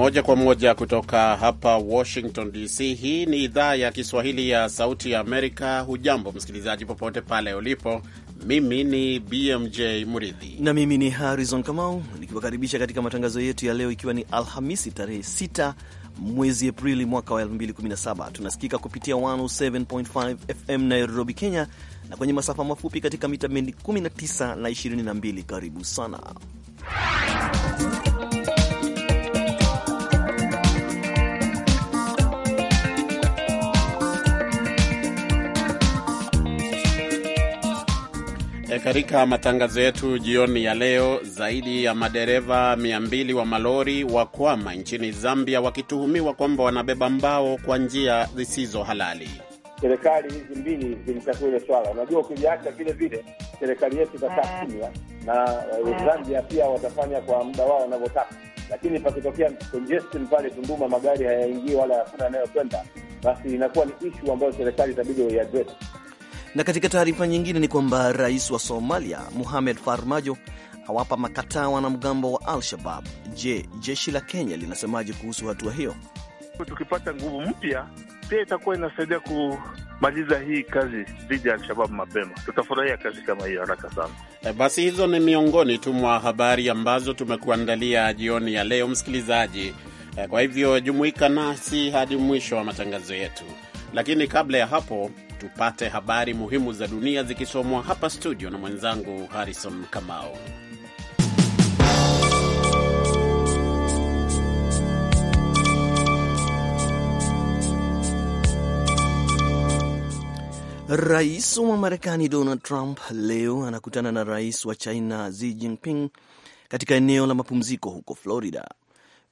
Moja kwa moja kutoka hapa Washington DC. Hii ni idhaa ya Kiswahili ya Sauti ya Amerika. Hujambo msikilizaji, popote pale ulipo. Mimi ni BMJ Muridhi na mimi ni Harrison Kamau nikiwakaribisha katika matangazo yetu ya leo, ikiwa ni Alhamisi tarehe 6 mwezi Aprili mwaka wa 2017. Tunasikika kupitia 107.5 FM Nairobi, Kenya, na kwenye masafa mafupi katika mita bendi 19 na 22. Karibu sana E, katika matangazo yetu jioni ya leo, zaidi ya madereva 200 wa malori wakwama nchini Zambia wakituhumiwa kwamba wanabeba mbao kwa njia zisizo halali. Serikali hizi mbili zilitatua ile swala. Unajua, ukiviacha vile vile serikali yetu itakaa eh. kimya na eh, eh. Zambia pia watafanya kwa muda wao wanavyotaka, lakini pakitokea congestion pale Tunduma, magari hayaingii wala hakuna yanayokwenda, basi inakuwa ni ishu ambayo serikali itabidi waiadress. Na katika taarifa nyingine ni kwamba rais wa Somalia muhamed Farmajo awapa makataa wanamgambo wa Al-Shabab. Je, jeshi la Kenya linasemaje kuhusu hatua hiyo? Tukipata nguvu mpya pia itakuwa inasaidia kumaliza hii kazi dhidi ya Al-Shabab mapema. Tutafurahia kazi kama hiyo haraka sana. E, basi hizo ni miongoni tu mwa habari ambazo tumekuandalia jioni ya leo, msikilizaji. E, kwa hivyo jumuika nasi hadi mwisho wa matangazo yetu, lakini kabla ya hapo tupate habari muhimu za dunia zikisomwa hapa studio na mwenzangu Harrison Kamau. Rais wa Marekani Donald Trump leo anakutana na rais wa China Xi Jinping katika eneo la mapumziko huko Florida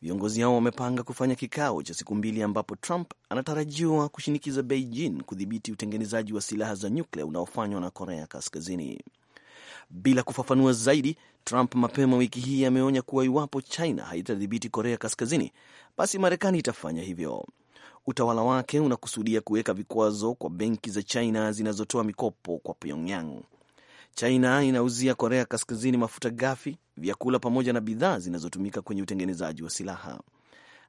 Viongozi hao wamepanga kufanya kikao cha siku mbili ambapo Trump anatarajiwa kushinikiza Beijing kudhibiti utengenezaji wa silaha za nyuklia unaofanywa na Korea Kaskazini. Bila kufafanua zaidi, Trump mapema wiki hii ameonya kuwa iwapo China haitadhibiti Korea Kaskazini, basi Marekani itafanya hivyo. Utawala wake unakusudia kuweka vikwazo kwa benki za China zinazotoa mikopo kwa Pyongyang. China inauzia Korea Kaskazini mafuta ghafi, vyakula pamoja na bidhaa zinazotumika kwenye utengenezaji wa silaha.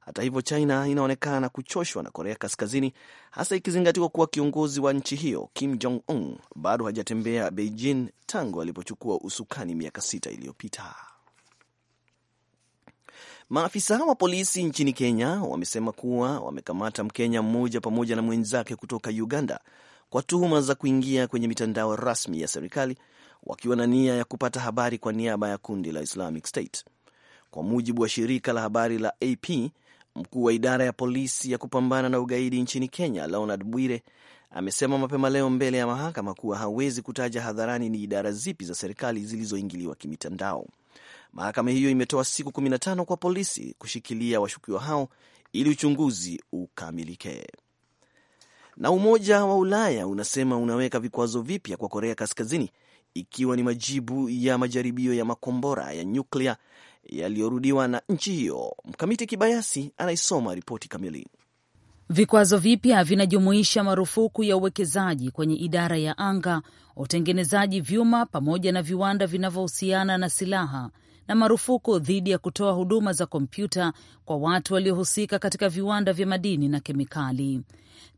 Hata hivyo, China inaonekana kuchoshwa na Korea Kaskazini, hasa ikizingatiwa kuwa kiongozi wa nchi hiyo Kim Jong Un bado hajatembea Beijing tangu alipochukua usukani miaka sita iliyopita. Maafisa wa polisi nchini Kenya wamesema kuwa wamekamata Mkenya mmoja pamoja na mwenzake kutoka Uganda kwa tuhuma za kuingia kwenye mitandao rasmi ya serikali wakiwa na nia ya kupata habari kwa niaba ya kundi la Islamic State. Kwa mujibu wa shirika la habari la AP, mkuu wa idara ya polisi ya kupambana na ugaidi nchini Kenya, Leonard Bwire, amesema mapema leo mbele ya mahakama kuwa hawezi kutaja hadharani ni idara zipi za serikali zilizoingiliwa kimitandao. Mahakama hiyo imetoa siku 15 kwa polisi kushikilia washukiwa hao ili uchunguzi ukamilike. Na Umoja wa Ulaya unasema unaweka vikwazo vipya kwa Korea Kaskazini ikiwa ni majibu ya majaribio ya makombora ya nyuklia yaliyorudiwa na nchi hiyo. Mkamiti Kibayasi anaisoma ripoti kamili. Vikwazo vipya vinajumuisha marufuku ya uwekezaji kwenye idara ya anga, utengenezaji vyuma pamoja na viwanda vinavyohusiana na silaha na marufuku dhidi ya kutoa huduma za kompyuta kwa watu waliohusika katika viwanda vya madini na kemikali.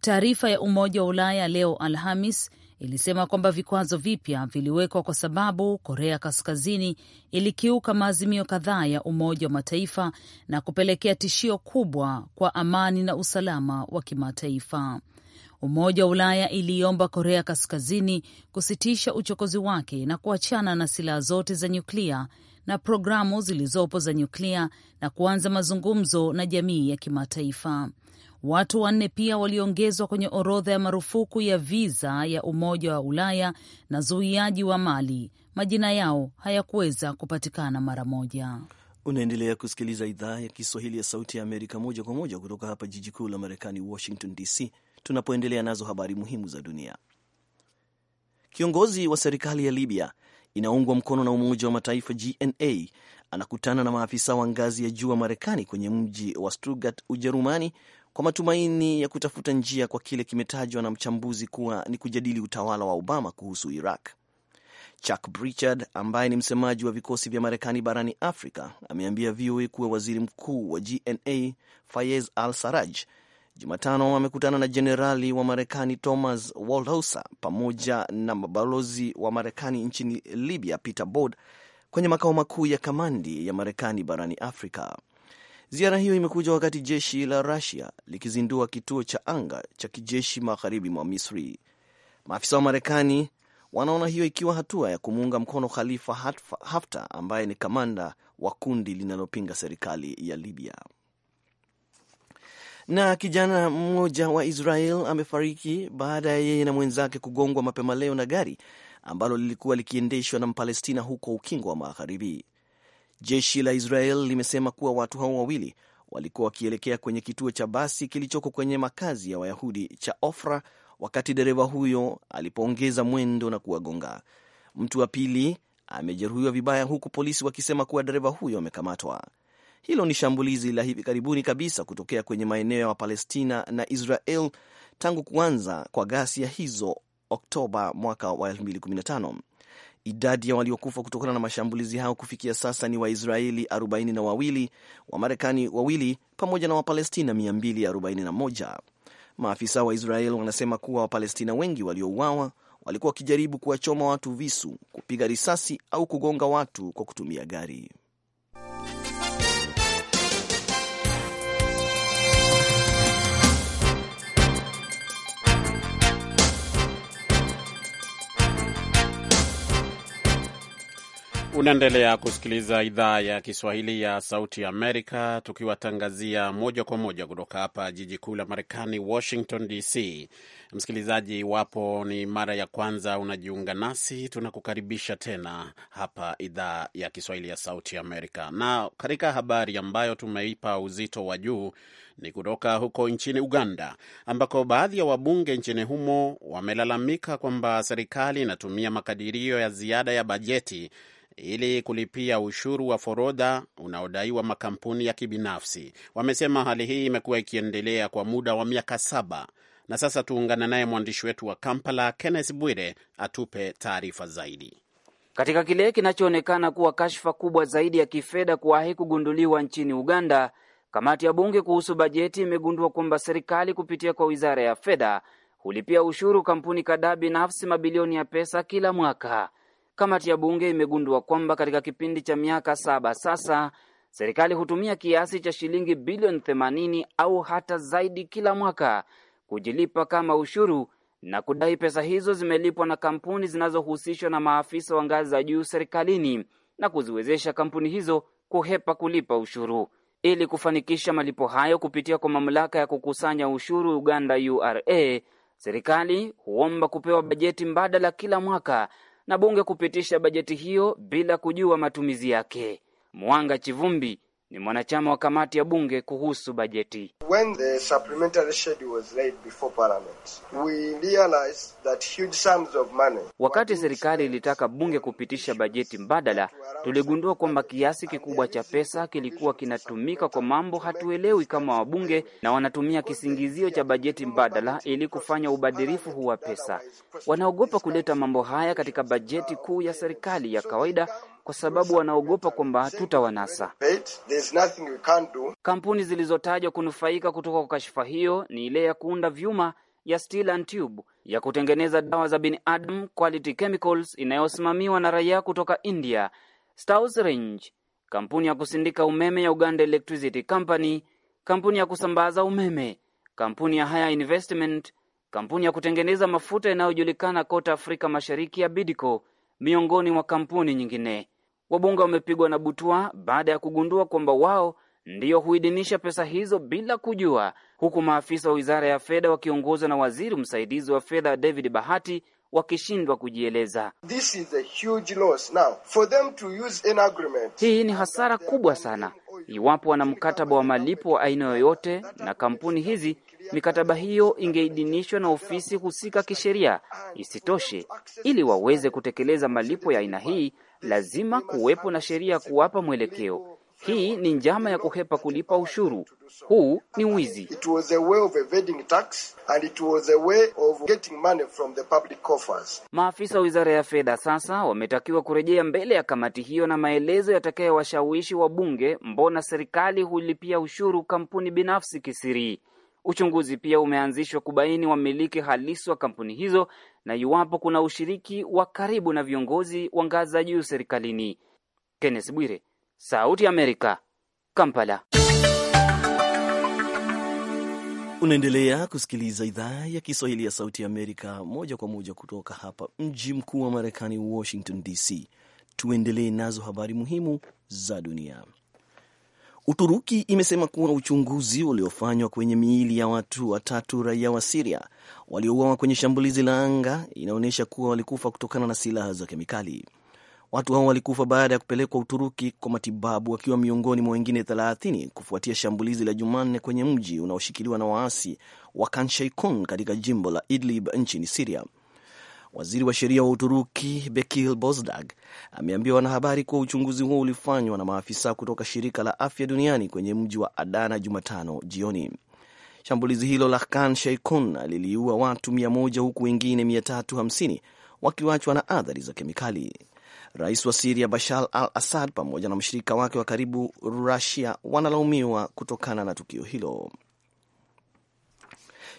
Taarifa ya Umoja wa Ulaya leo Alhamis ilisema kwamba vikwazo vipya viliwekwa kwa sababu Korea Kaskazini ilikiuka maazimio kadhaa ya Umoja wa Mataifa na kupelekea tishio kubwa kwa amani na usalama wa kimataifa. Umoja wa Ulaya iliomba Korea Kaskazini kusitisha uchokozi wake na kuachana na silaha zote za nyuklia na programu zilizopo za nyuklia na kuanza mazungumzo na jamii ya kimataifa. Watu wanne pia waliongezwa kwenye orodha ya marufuku ya viza ya Umoja wa Ulaya na zuiaji wa mali. Majina yao hayakuweza kupatikana mara moja. Unaendelea kusikiliza idhaa ya Kiswahili ya Sauti ya Amerika moja kwa moja kutoka hapa jiji kuu la Marekani, Washington DC, tunapoendelea nazo habari muhimu za dunia. Kiongozi wa serikali ya Libya inaungwa mkono na Umoja wa Mataifa GNA anakutana na maafisa wa ngazi ya juu wa Marekani kwenye mji wa Stuttgart, Ujerumani, kwa matumaini ya kutafuta njia kwa kile kimetajwa na mchambuzi kuwa ni kujadili utawala wa Obama kuhusu Iraq. Chuck brichard ambaye ni msemaji wa vikosi vya Marekani barani Afrika ameambia VOA kuwa waziri mkuu wa GNA Fayez Al Saraj Jumatano amekutana na jenerali wa Marekani Thomas Waldhauser pamoja na mabalozi wa Marekani nchini Libya Peter Bod kwenye makao makuu ya kamandi ya Marekani barani Afrika. Ziara hiyo imekuja wakati jeshi la Rusia likizindua kituo cha anga cha kijeshi magharibi mwa Misri. Maafisa wa Marekani wanaona hiyo ikiwa hatua ya kumuunga mkono Khalifa Haftar ambaye ni kamanda wa kundi linalopinga serikali ya Libya. Na kijana mmoja wa Israel amefariki baada ya yeye na mwenzake kugongwa mapema leo na gari ambalo lilikuwa likiendeshwa na Mpalestina huko Ukingo wa Magharibi. Jeshi la Israel limesema kuwa watu hao wawili walikuwa wakielekea kwenye kituo cha basi kilichoko kwenye makazi ya Wayahudi cha Ofra wakati dereva huyo alipoongeza mwendo na kuwagonga. Mtu wa pili amejeruhiwa vibaya, huku polisi wakisema kuwa dereva huyo amekamatwa. Hilo ni shambulizi la hivi karibuni kabisa kutokea kwenye maeneo ya Wapalestina na Israel tangu kuanza kwa ghasia hizo Oktoba mwaka wa 2015. Idadi ya waliokufa kutokana na mashambulizi hayo kufikia sasa ni Waisraeli 42, Wamarekani wawili pamoja na Wapalestina 241. Maafisa wa Israeli wanasema kuwa Wapalestina wengi waliouawa walikuwa wakijaribu kuwachoma watu visu, kupiga risasi au kugonga watu kwa kutumia gari. Unaendelea kusikiliza idhaa ya Kiswahili ya Sauti ya Amerika, tukiwatangazia moja kwa moja kutoka hapa jiji kuu la Marekani, Washington DC. Msikilizaji, iwapo ni mara ya kwanza unajiunga nasi, tunakukaribisha tena hapa idhaa ya Kiswahili ya Sauti Amerika. Na katika habari ambayo tumeipa uzito wa juu ni kutoka huko nchini Uganda, ambako baadhi ya wabunge nchini humo wamelalamika kwamba serikali inatumia makadirio ya ziada ya bajeti ili kulipia ushuru wa forodha unaodaiwa makampuni ya kibinafsi. Wamesema hali hii imekuwa ikiendelea kwa muda wa miaka saba. Na sasa tuungana naye mwandishi wetu wa Kampala, Kenneth Bwire, atupe taarifa zaidi. Katika kile kinachoonekana kuwa kashfa kubwa zaidi ya kifedha kuwahi kugunduliwa nchini Uganda, kamati ya bunge kuhusu bajeti imegundua kwamba serikali kupitia kwa wizara ya fedha hulipia ushuru kampuni kadhaa binafsi mabilioni ya pesa kila mwaka. Kamati ya bunge imegundua kwamba katika kipindi cha miaka saba sasa serikali hutumia kiasi cha shilingi bilioni 80 au hata zaidi kila mwaka kujilipa kama ushuru na kudai pesa hizo zimelipwa na kampuni zinazohusishwa na maafisa wa ngazi za juu serikalini na kuziwezesha kampuni hizo kuhepa kulipa ushuru. Ili kufanikisha malipo hayo kupitia kwa mamlaka ya kukusanya ushuru Uganda, URA, serikali huomba kupewa bajeti mbadala kila mwaka na bunge kupitisha bajeti hiyo bila kujua matumizi yake. Mwanga Chivumbi, ni mwanachama wa kamati ya bunge kuhusu bajeti. When the supplementary schedule was laid before parliament, we realized that huge sums of money. Wakati serikali ilitaka bunge kupitisha bajeti mbadala, tuligundua kwamba kiasi kikubwa cha pesa kilikuwa kinatumika kwa mambo hatuelewi kama wabunge, na wanatumia kisingizio cha bajeti mbadala ili kufanya ubadhirifu huu wa pesa. Wanaogopa kuleta mambo haya katika bajeti kuu ya serikali ya kawaida kwa sababu wanaogopa kwamba tutawanasa. Kampuni zilizotajwa kunufaika kutoka kwa kashifa hiyo ni ile ya kuunda vyuma ya Steel and Tube ya kutengeneza dawa za binadamu Quality Chemicals inayosimamiwa na raia kutoka India, Staus Range, kampuni ya kusindika umeme ya Uganda Electricity Company, kampuni ya kusambaza umeme, kampuni ya Haya Investment, kampuni ya kutengeneza mafuta inayojulikana kote Afrika Mashariki ya Bidco, miongoni mwa kampuni nyingine. Wabunge wamepigwa na butwa baada ya kugundua kwamba wao ndiyo huidhinisha pesa hizo bila kujua, huku maafisa wa wizara ya fedha wakiongozwa na waziri msaidizi wa fedha David Bahati wakishindwa kujieleza. This is a huge loss now. For them to use an agreement. Hii ni hasara kubwa sana. Iwapo wana mkataba wa malipo wa aina yoyote na kampuni hizi, mikataba hiyo ingeidhinishwa na ofisi husika kisheria. Isitoshe, ili waweze kutekeleza malipo ya aina hii, lazima kuwepo na sheria kuwapa mwelekeo. Hii ni njama ya kuhepa kulipa ushuru. Huu ni wizi. Maafisa wa wizara ya fedha sasa wametakiwa kurejea mbele ya kamati hiyo na maelezo yatakayowashawishi wabunge mbona serikali hulipia ushuru kampuni binafsi kisiri. Uchunguzi pia umeanzishwa kubaini wamiliki halisi wa kampuni hizo na iwapo kuna ushiriki wa karibu na viongozi wa ngazi za juu serikalini. Kenneth Bwire, Sauti ya Amerika, Kampala. Unaendelea kusikiliza idhaa ya Kiswahili ya Sauti ya Amerika moja kwa moja kutoka hapa mji mkuu wa Marekani, Washington DC. Tuendelee nazo habari muhimu za dunia. Uturuki imesema kuwa uchunguzi uliofanywa kwenye miili ya watu watatu raia wa Siria waliouawa kwenye shambulizi la anga inaonyesha kuwa walikufa kutokana na silaha za kemikali. Watu hao walikufa baada ya kupelekwa Uturuki kwa matibabu wakiwa miongoni mwa wengine 30 kufuatia shambulizi la Jumanne kwenye mji unaoshikiliwa na waasi wa kanshaikon katika jimbo la Idlib nchini Siria. Waziri wa sheria wa Uturuki bekil Bozdag ameambia wanahabari kuwa uchunguzi huo ulifanywa na maafisa kutoka shirika la afya duniani kwenye mji wa Adana Jumatano jioni. Shambulizi hilo la Khan Sheikhoun liliua watu 100 huku wengine 350 wakiwachwa na athari za kemikali. Rais wa Siria Bashar al Assad pamoja na mshirika wake wa karibu Rusia wanalaumiwa kutokana na tukio hilo.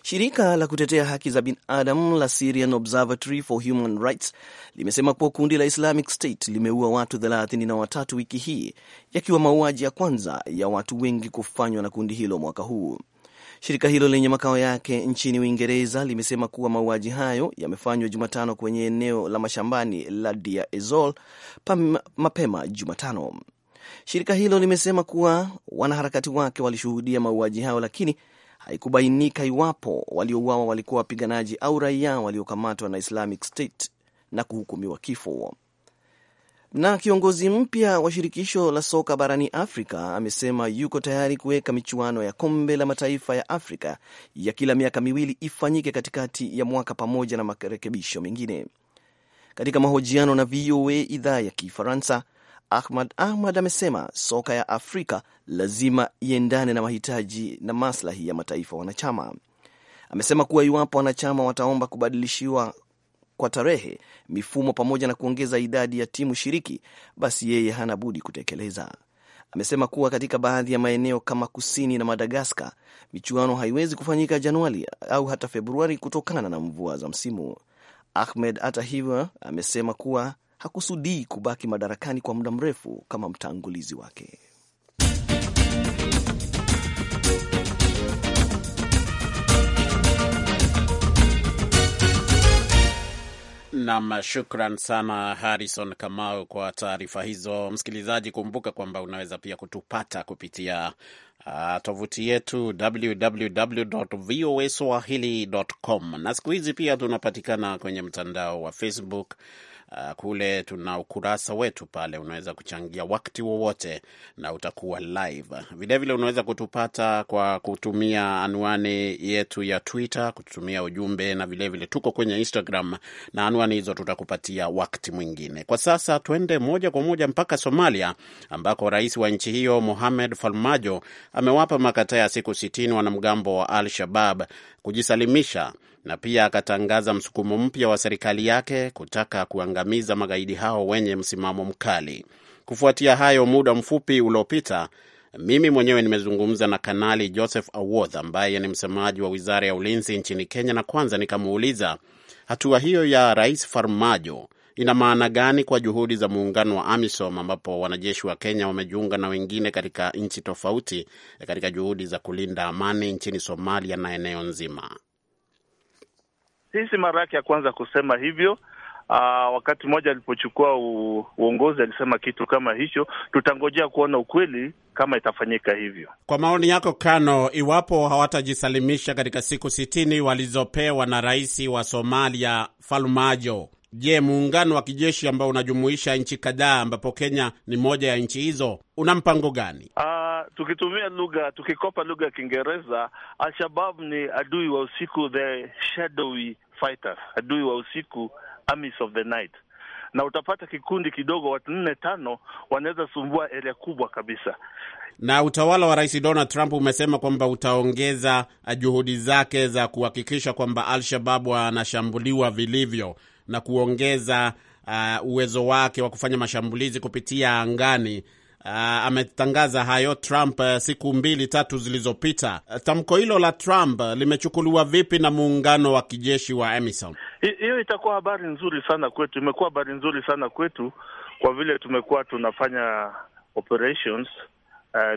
Shirika la kutetea haki za binadamu la Syrian Observatory for Human Rights limesema kuwa kundi la Islamic State limeua watu thelathini na watatu wiki hii, yakiwa mauaji ya kwanza ya watu wengi kufanywa na kundi hilo mwaka huu. Shirika hilo lenye makao yake nchini Uingereza limesema kuwa mauaji hayo yamefanywa Jumatano kwenye eneo la mashambani la Dia Ezol mapema Jumatano. Shirika hilo limesema kuwa wanaharakati wake walishuhudia mauaji hayo, lakini Haikubainika iwapo waliouawa walikuwa wapiganaji au raia waliokamatwa na Islamic State na kuhukumiwa kifo. Na kiongozi mpya wa shirikisho la soka barani Afrika amesema yuko tayari kuweka michuano ya kombe la mataifa ya Afrika ya kila miaka miwili ifanyike katikati ya mwaka pamoja na marekebisho mengine. Katika mahojiano na VOA idhaa ya Kifaransa, Ahmad Ahmad amesema soka ya Afrika lazima iendane na mahitaji na maslahi ya mataifa wanachama. Amesema kuwa iwapo wanachama wataomba kubadilishiwa kwa tarehe, mifumo, pamoja na kuongeza idadi ya timu shiriki, basi yeye hana budi kutekeleza. Amesema kuwa katika baadhi ya maeneo kama kusini na Madagaskar, michuano haiwezi kufanyika Januari au hata Februari kutokana na mvua za msimu. Ahmed hata hivyo amesema kuwa hakusudii kubaki madarakani kwa muda mrefu kama mtangulizi wake. Nam, shukran sana Harrison Kamau kwa taarifa hizo. Msikilizaji, kumbuka kwamba unaweza pia kutupata kupitia uh, tovuti yetu www.voaswahili.com, na siku hizi pia tunapatikana kwenye mtandao wa Facebook uh, kule tuna ukurasa wetu pale, unaweza kuchangia wakati wowote na utakuwa live. Vilevile unaweza kutupata kwa kutumia anwani yetu ya Twitter, kutumia ujumbe, na vilevile vile tuko kwenye Instagram na anwani hizo tutakupatia wakati mwingine. Kwa sasa tuende moja kwa moja mpaka Somalia ambako rais wa nchi hiyo Mohamed Farmajo amewapa makataa ya siku sitini wanamgambo wa Al Shabab kujisalimisha na pia akatangaza msukumo mpya wa serikali yake kutaka kuangamiza magaidi hao wenye msimamo mkali. Kufuatia hayo, muda mfupi uliopita, mimi mwenyewe nimezungumza na Kanali Joseph Awoth ambaye ni msemaji wa wizara ya ulinzi nchini Kenya, na kwanza nikamuuliza hatua hiyo ya Rais Farmajo ina maana gani kwa juhudi za muungano wa AMISOM ambapo wanajeshi wa Kenya wamejiunga na wengine katika nchi tofauti katika juhudi za kulinda amani nchini Somalia na eneo nzima hii si mara yake ya kwanza kusema hivyo. Aa, ah, wakati mmoja alipochukua uongozi alisema kitu kama hicho. Tutangojea kuona ukweli kama itafanyika hivyo. Kwa maoni yako, Kano, iwapo hawatajisalimisha katika siku sitini walizopewa na rais wa Somalia Falumajo, je, muungano wa kijeshi ambao unajumuisha nchi kadhaa ambapo Kenya ni moja ya nchi hizo una mpango gani? Aa, ah, tukitumia lugha tukikopa lugha ya Kiingereza, Alshabab ni adui wa usiku, the shadowy fighters, adui wa usiku, armies of the night na utapata kikundi kidogo watu nne tano wanaweza sumbua area kubwa kabisa. Na utawala wa Rais Donald Trump umesema kwamba utaongeza eh, juhudi zake za kuhakikisha kwamba Al-Shababu anashambuliwa vilivyo na kuongeza uh, uwezo wake wa kufanya mashambulizi kupitia angani uh, ametangaza hayo Trump uh, siku mbili tatu zilizopita. Uh, tamko hilo la Trump uh, limechukuliwa vipi na muungano wa kijeshi wa AMISOM? Hiyo itakuwa habari nzuri sana kwetu, imekuwa habari nzuri sana kwetu kwa vile tumekuwa tunafanya operations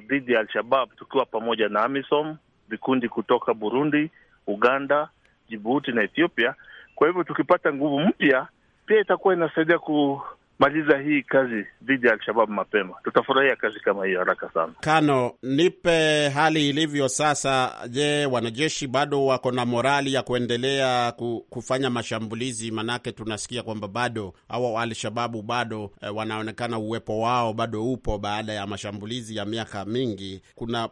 dhidi uh, ya alshabab tukiwa pamoja na AMISOM, vikundi kutoka Burundi, Uganda, Jibuti na Ethiopia. Kwa hivyo tukipata nguvu mpya pia itakuwa inasaidia ku maliza hii kazi dhidi ya Alshabab mapema, tutafurahia kazi kama hiyo haraka sana. Kano, nipe hali ilivyo sasa. Je, wanajeshi bado wako na morali ya kuendelea kufanya mashambulizi? Manake tunasikia kwamba bado hawa Alshababu bado eh, wanaonekana uwepo wao bado upo baada ya mashambulizi ya miaka mingi. Kuna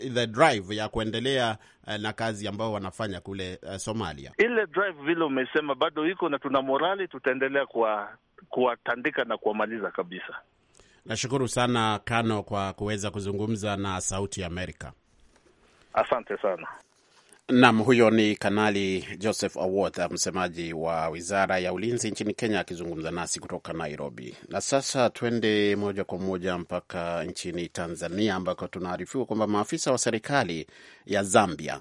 eh, the drive ya kuendelea eh, na kazi ambayo wanafanya kule eh, Somalia. Ile drive vile umesema bado iko na tuna morali, tutaendelea kwa kuwatandika na kuwamaliza kabisa. Nashukuru sana Kano kwa kuweza kuzungumza na Sauti ya Amerika. Asante sana. Nam, huyo ni Kanali Joseph Awoth, msemaji wa wizara ya ulinzi nchini Kenya, akizungumza nasi kutoka Nairobi. Na sasa twende moja kwa moja mpaka nchini Tanzania, ambako tunaarifiwa kwamba maafisa wa serikali ya Zambia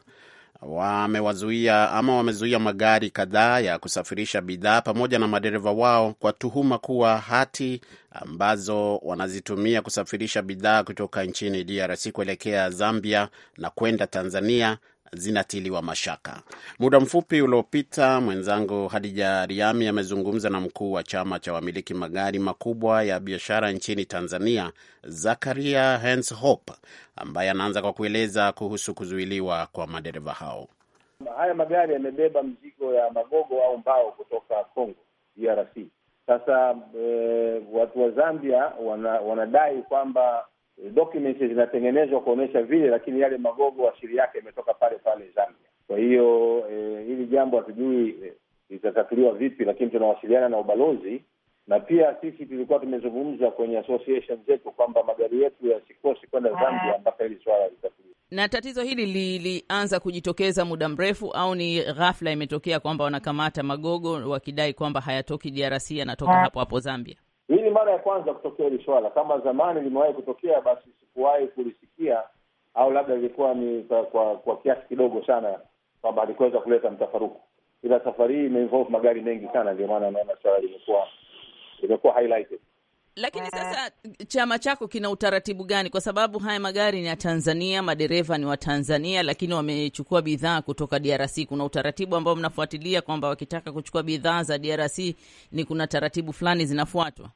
wamewazuia ama wamezuia magari kadhaa ya kusafirisha bidhaa pamoja na madereva wao kwa tuhuma kuwa hati ambazo wanazitumia kusafirisha bidhaa kutoka nchini DRC kuelekea Zambia na kwenda Tanzania zinatiliwa mashaka. Muda mfupi uliopita, mwenzangu Hadija Riami amezungumza na mkuu wa chama cha wamiliki magari makubwa ya biashara nchini Tanzania, Zakaria Henshope, ambaye anaanza kwa kueleza kuhusu kuzuiliwa kwa madereva hao. Haya magari yamebeba mzigo ya magogo au mbao kutoka Congo DRC. Sasa e, watu wa Zambia wana, wanadai kwamba documents zinatengenezwa kuonyesha vile, lakini yale magogo asili yake imetoka pale pale Zambia. Kwa hiyo eh, hili jambo hatujui litatatuliwa eh, litatatuliwa vipi, lakini tunawasiliana na ubalozi na pia sisi tulikuwa tumezungumza kwenye association zetu kwamba magari yetu yasikosi kwenda ah. Zambia mpaka hili swala litatuliwa. Na tatizo hili lilianza kujitokeza muda mrefu au ni ghafla imetokea kwamba wanakamata magogo wakidai kwamba hayatoki DRC yanatoka ah. hapo hapo Zambia? mara ya kwanza kutokea hili swala. Kama zamani limewahi kutokea, basi sikuwahi kulisikia, au labda ilikuwa ni kwa, kwa, kwa kiasi kidogo sana kwamba alikuweza kuleta mtafaruku, ila safari hii imeinvolve magari mengi sana, ndio maana naona swala limekuwa limekuwa highlighted. Lakini eh. sasa chama chako kina utaratibu gani? Kwa sababu haya magari ni ya Tanzania, madereva ni wa Tanzania, lakini wamechukua bidhaa kutoka DRC. Kuna utaratibu ambao mnafuatilia kwamba wakitaka kuchukua bidhaa za DRC ni kuna taratibu fulani zinafuatwa?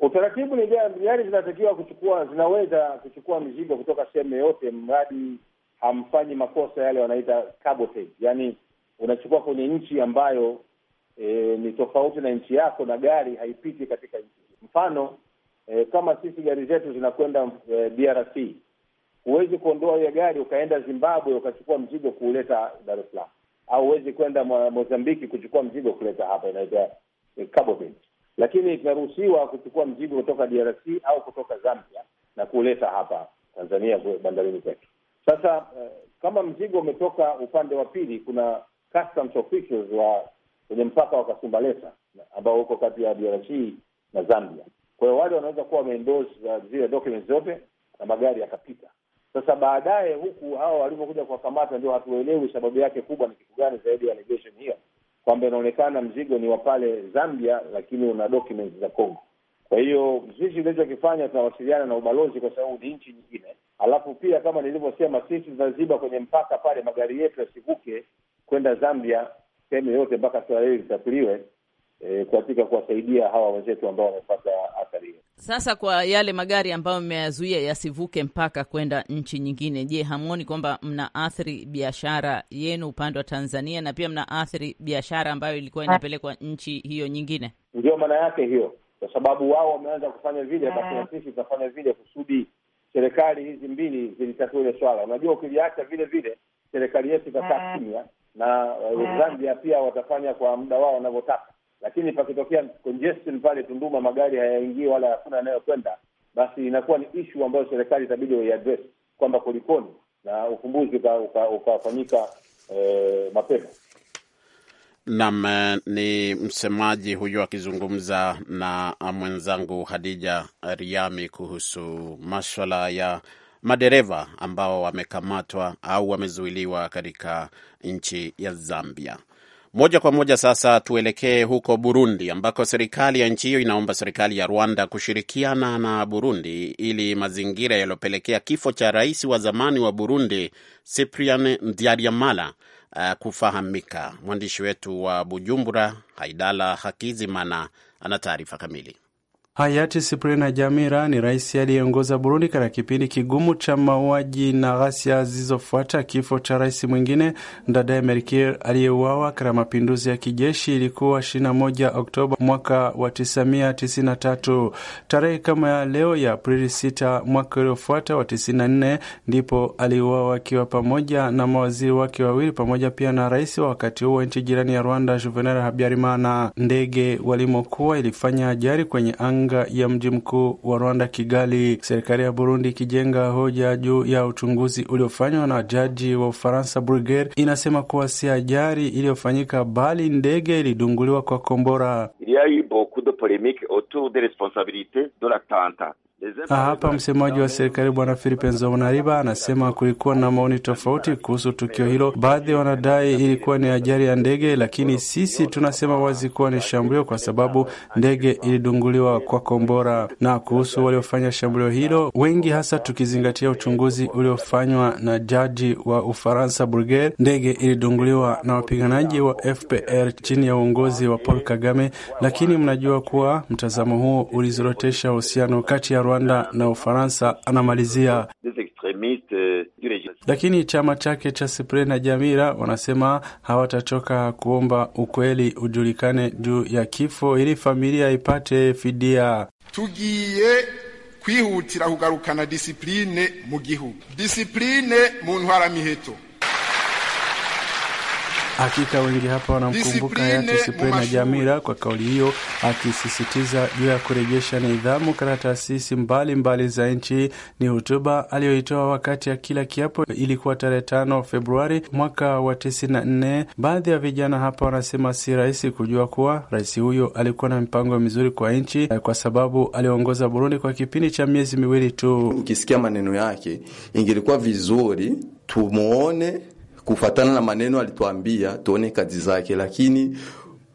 Utaratibu ni gani? Gari yaani zinatakiwa kuchukua, zinaweza kuchukua mizigo kutoka sehemu yoyote, mradi hamfanyi makosa yale wanaita cabotage, yaani unachukua kwenye nchi ambayo e, ni tofauti na nchi yako na gari haipiti katika nchi. Mfano e, kama sisi gari zetu zinakwenda e, DRC, huwezi kuondoa ile gari ukaenda Zimbabwe ukachukua mzigo kuuleta Dar es Salaam, au huwezi kwenda Mozambiki kuchukua mzigo kuleta hapa, inaitwa e, cabotage lakini ikaruhusiwa kuchukua mzigo kutoka DRC au kutoka Zambia na kuleta hapa Tanzania bandarini kwetu. Sasa eh, kama mzigo umetoka upande wa pili, kuna customs officials wa kwenye mpaka wa Kasumbalesa ambao uko kati ya DRC na Zambia. Kwa hiyo wale wanaweza kuwa wameendorse uh, eh, zile documents zote na magari yakapita. Sasa baadaye huku hawa walivyokuja kuwakamata, ndio hatuelewi sababu yake kubwa ni kitu gani zaidi ya allegation hiyo kwamba inaonekana mzigo ni wa pale Zambia, lakini una documents za Congo. Kwa hiyo sisi tunachokifanya tunawasiliana na ubalozi, kwa sababu ni nchi nyingine, alafu pia kama nilivyosema, sisi tunaziba kwenye mpaka pale, magari yetu yasivuke kwenda Zambia sehemu yoyote mpaka swala hili litatuliwe, e, eh, katika kuwasaidia hawa wenzetu ambao wamepata athari hiyo. Sasa kwa yale magari ambayo mmeyazuia yasivuke mpaka kwenda nchi nyingine, je, hamwoni kwamba mnaathiri biashara yenu upande wa Tanzania na pia mnaathiri biashara ambayo ilikuwa inapelekwa nchi hiyo nyingine? ndio maana yake hiyo, kwa sababu wao wameanza kufanya vile, basi eh. na sisi tutafanya vile kusudi serikali hizi mbili zilitatua ile swala. Unajua, ukiliacha vile vile serikali yetu itakaa eh. kimya na eh, Zambia pia watafanya kwa muda wao wanavyotaka lakini pakitokea congestion pale Tunduma, magari hayaingii wala hakuna yanayokwenda, basi inakuwa ni ishu ambayo serikali itabidi waiaddress kwamba kulikoni, na ufumbuzi ukafanyika uka, eh, mapema. Nam eh, ni msemaji huyo akizungumza na mwenzangu Hadija Riami kuhusu maswala ya madereva ambao wamekamatwa au wamezuiliwa katika nchi ya Zambia. Moja kwa moja sasa tuelekee huko Burundi ambako serikali ya nchi hiyo inaomba serikali ya Rwanda kushirikiana na Burundi ili mazingira yaliyopelekea kifo cha rais wa zamani wa Burundi Cyprien Ntaryamira uh, kufahamika. Mwandishi wetu wa Bujumbura Haidala Hakizimana ana taarifa kamili. Hayati Siprena Jamira ni rais aliyeongoza Burundi katika kipindi kigumu cha mauaji na ghasia zilizofuata kifo cha rais mwingine Ndadaye Melkier aliyeuawa katika mapinduzi ya kijeshi. Ilikuwa 21 Oktoba mwaka wa 1993. Tarehe kama ya leo ya Aprili 6 mwaka uliofuata wa 94 ndipo aliuawa akiwa pamoja na mawaziri wake wawili pamoja pia na rais wa wakati huo nchi jirani ya Rwanda Juvenal Habyarimana. Ndege walimokuwa ilifanya ajali kwenye anga anga ya mji mkuu wa Rwanda, Kigali. Serikali ya Burundi ikijenga hoja juu ya uchunguzi uliofanywa na jaji wa Ufaransa Bruguer inasema kuwa si ajali iliyofanyika, bali ndege ilidunguliwa kwa kombora. Ah, hapa msemaji wa serikali Bwana Filipe Nzobonariba anasema kulikuwa na maoni tofauti kuhusu tukio hilo. Baadhi wanadai ilikuwa ni ajali ya ndege, lakini sisi tunasema wazi kuwa ni shambulio, kwa sababu ndege ilidunguliwa kwa kombora. Na kuhusu waliofanya shambulio hilo, wengi hasa tukizingatia uchunguzi uliofanywa na jaji wa Ufaransa Burger, ndege ilidunguliwa na wapiganaji wa FPR chini ya uongozi wa Paul Kagame, lakini mnajua kuwa mtazamo huo ulizorotesha uhusiano kati ya Rwanda na Ufaransa, anamalizia euh, lakini chama chake cha Sipre na Jamira wanasema hawatachoka kuomba ukweli ujulikane juu ya kifo ili familia ipate fidia. tugiye kwihutira kugarukana disipline mu gihugu disipline mu ntwara miheto Hakika wengi hapa wanamkumbuka hayati na jamira kwa kauli hiyo, akisisitiza juu ya kurejesha nidhamu katika taasisi mbalimbali za nchi. Ni hotuba aliyoitoa wakati ya kila kiapo, ilikuwa tarehe tano Februari mwaka wa nne. Baadhi ya vijana hapa wanasema si rahisi kujua kuwa rais huyo alikuwa na mipango mizuri kwa nchi, kwa sababu aliongoza Burundi kwa kipindi cha miezi miwili tu. Ukisikia maneno yake, ingelikuwa vizuri tumuone kufatana na maneno alituambia tuone kazi zake, lakini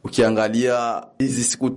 ukiangalia hizi siku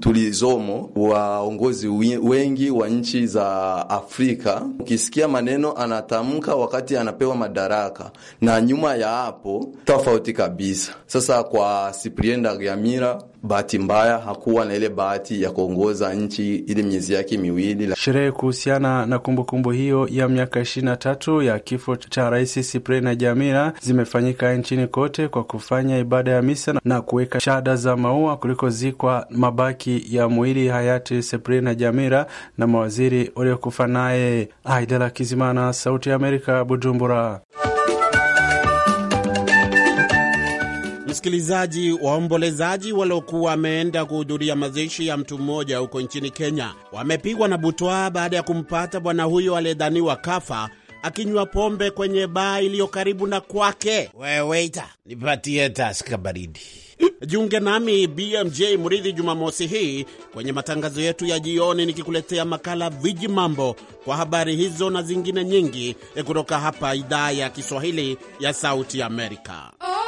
tulizomo, waongozi wengi wa nchi za Afrika, ukisikia maneno anatamka wakati anapewa madaraka na nyuma ya hapo tofauti kabisa. Sasa kwa Cyprien Ntaryamira bahati mbaya hakuwa na ile bahati ya kuongoza nchi ile miezi yake miwili. Sherehe kuhusiana na kumbukumbu kumbu hiyo ya miaka ishirini na tatu ya kifo cha Rais Sipre na jamira zimefanyika nchini kote kwa kufanya ibada ya misa na kuweka shada za maua kulikozikwa mabaki ya mwili hayati Sipre na jamira na mawaziri waliokufa naye. Aidala Kizimana, Sauti ya Amerika, Bujumbura. wasikilizaji, waombolezaji waliokuwa wameenda kuhudhuria mazishi ya mtu mmoja huko nchini Kenya wamepigwa na butwaa baada ya kumpata bwana huyo aliyedhaniwa kafa akinywa pombe kwenye baa iliyo karibu na kwake. Weweita, nipatie taska baridi. Jiunge nami BMJ Mridhi Jumamosi hii kwenye matangazo yetu ya jioni, nikikuletea makala Viji Mambo kwa habari hizo na zingine nyingi eh, kutoka hapa idhaa ya Kiswahili ya Sauti Amerika. oh!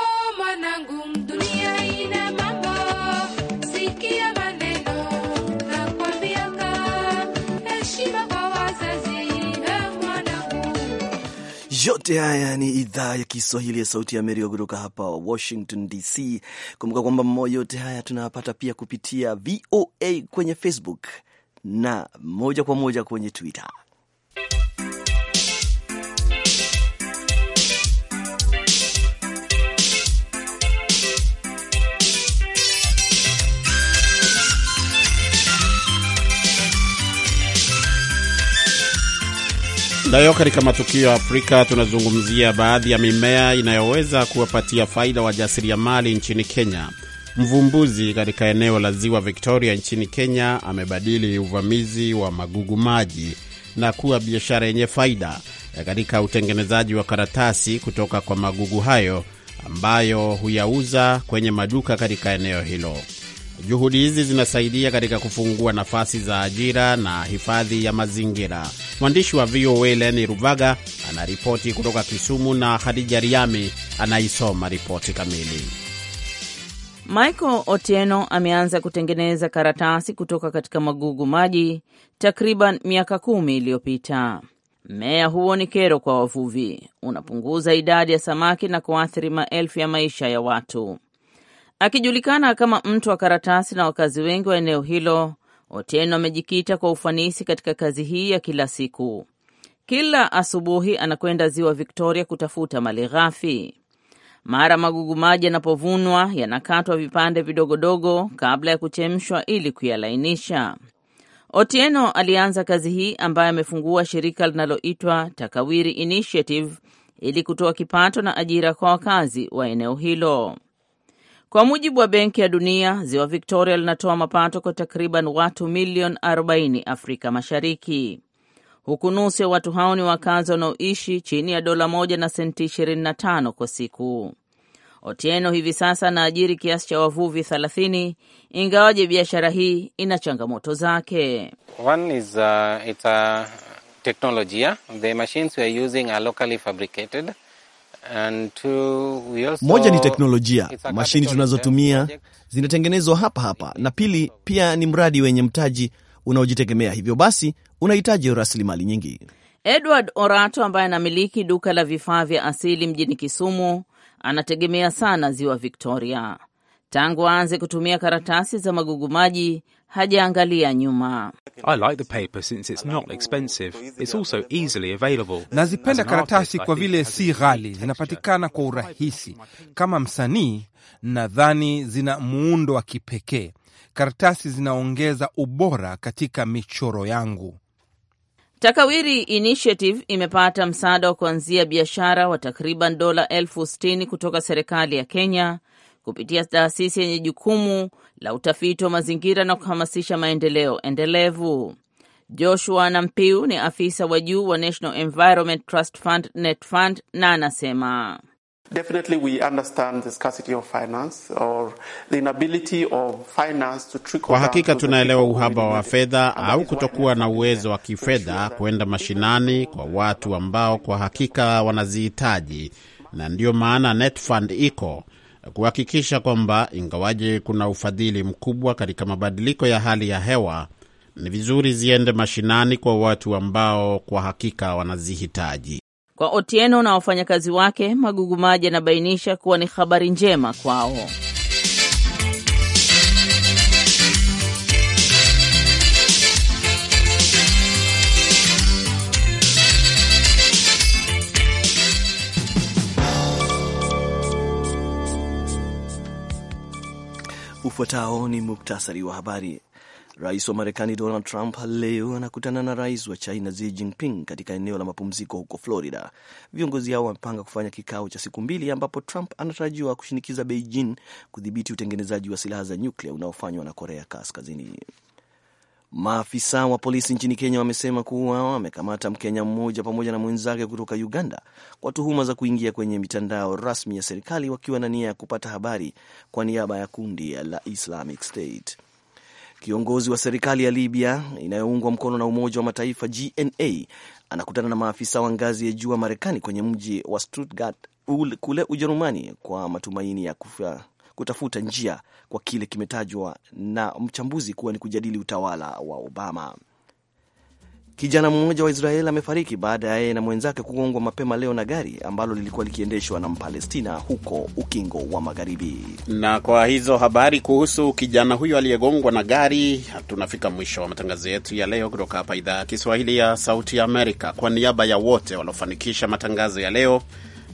Yote haya ni idhaa ya Kiswahili ya Sauti ya Amerika kutoka hapa Washington DC. Kumbuka kwamba mmoja yote haya tunayapata pia kupitia VOA kwenye Facebook na moja kwa moja kwenye Twitter. Leo katika matukio ya Afrika tunazungumzia baadhi ya mimea inayoweza kuwapatia faida wajasiriamali nchini Kenya. Mvumbuzi katika eneo la ziwa Victoria nchini Kenya amebadili uvamizi wa magugu maji na kuwa biashara yenye faida eh, katika utengenezaji wa karatasi kutoka kwa magugu hayo ambayo huyauza kwenye maduka katika eneo hilo. Juhudi hizi zinasaidia katika kufungua nafasi za ajira na hifadhi ya mazingira. Mwandishi wa VOA Leni Ruvaga anaripoti kutoka Kisumu na Khadija Riami anaisoma ripoti kamili. Michael Otieno ameanza kutengeneza karatasi kutoka katika magugu maji takriban miaka kumi iliyopita. Mmea huo ni kero kwa wavuvi, unapunguza idadi ya samaki na kuathiri maelfu ya maisha ya watu. Akijulikana kama mtu wa karatasi na wakazi wengi wa eneo hilo, Otieno amejikita kwa ufanisi katika kazi hii ya kila siku. Kila asubuhi anakwenda ziwa Victoria kutafuta mali ghafi Mara magugu maji yanapovunwa yanakatwa vipande vidogodogo kabla ya kuchemshwa ili kuyalainisha. Otieno alianza kazi hii ambayo amefungua shirika linaloitwa Takawiri Initiative ili kutoa kipato na ajira kwa wakazi wa eneo hilo. Kwa mujibu wa Benki ya Dunia, ziwa Victoria linatoa mapato kwa takriban watu milioni 40 Afrika Mashariki, huku nusu ya watu hao ni wakazi wanaoishi chini ya dola moja na senti 25 kwa siku. Otieno hivi sasa anaajiri kiasi cha wavuvi 30 ingawaje biashara hii ina changamoto zake. One is, uh, it's a technology. The machines we are using are locally fabricated. Moja ni teknolojia, mashini tunazotumia zinatengenezwa hapa hapa, na pili pia ni mradi wenye mtaji unaojitegemea, hivyo basi unahitaji rasilimali nyingi. Edward Orato ambaye anamiliki duka la vifaa vya asili mjini Kisumu anategemea sana ziwa Victoria. Tangu aanze kutumia karatasi za magugu maji hajaangalia nyuma. Nazipenda karatasi kwa vile si ghali, zinapatikana kwa urahisi. Kama msanii, nadhani zina muundo wa kipekee. Karatasi zinaongeza ubora katika michoro yangu. Takawiri Initiative imepata msaada wa kuanzia biashara wa takriban dola elfu sitini kutoka serikali ya Kenya kupitia taasisi yenye jukumu la utafiti wa mazingira na kuhamasisha maendeleo endelevu. Joshua Nampiu ni afisa wa juu wa National Environment Trust Fund, Net Fund, na anasema kwa hakika tunaelewa uhaba wa fedha au kutokuwa na uwezo wa kifedha kwenda mashinani kwa watu ambao kwa hakika wanazihitaji, na ndiyo maana Netfund iko kuhakikisha kwamba ingawaje kuna ufadhili mkubwa katika mabadiliko ya hali ya hewa, ni vizuri ziende mashinani kwa watu ambao kwa hakika wanazihitaji. Kwa Otieno na wafanyakazi wake, magugu maji yanabainisha kuwa ni habari njema kwao. Ufuatao ni muktasari wa habari. Rais wa Marekani Donald Trump leo anakutana na rais wa China Xi Jinping katika eneo la mapumziko huko Florida. Viongozi hao wamepanga kufanya kikao cha siku mbili ambapo Trump anatarajiwa kushinikiza Beijing kudhibiti utengenezaji wa silaha za nyuklia unaofanywa na Korea Kaskazini. Maafisa wa polisi nchini Kenya wamesema kuwa wamekamata Mkenya mmoja pamoja na mwenzake kutoka Uganda kwa tuhuma za kuingia kwenye mitandao rasmi ya serikali wakiwa na nia ya kupata habari kwa niaba ya kundi la Islamic State. Kiongozi wa serikali ya Libya inayoungwa mkono na Umoja wa Mataifa GNA anakutana na maafisa wa ngazi ya juu wa Marekani kwenye mji wa Stuttgart kule Ujerumani kwa matumaini ya kufa kutafuta njia kwa kile kimetajwa na mchambuzi kuwa ni kujadili utawala wa Obama. Kijana mmoja wa Israeli amefariki baada ya yeye na mwenzake kugongwa mapema leo na gari ambalo lilikuwa likiendeshwa na Mpalestina huko Ukingo wa Magharibi. Na kwa hizo habari kuhusu kijana huyo aliyegongwa na gari, tunafika mwisho wa matangazo yetu ya leo kutoka hapa idhaa ya Kiswahili ya Sauti ya Amerika. Kwa niaba ya wote waliofanikisha matangazo ya leo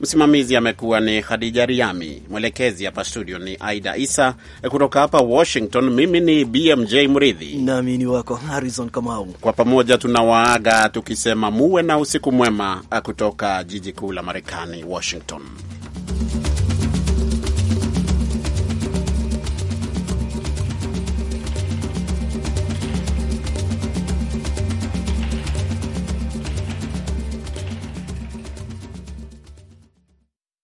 Msimamizi amekuwa ni Khadija Riami, mwelekezi hapa studio ni Aida Isa. Kutoka hapa Washington, mimi ni BMJ Mridhi nami ni wako Harrison Kamau. Kwa pamoja tunawaaga tukisema muwe na usiku mwema kutoka jiji kuu la Marekani, Washington.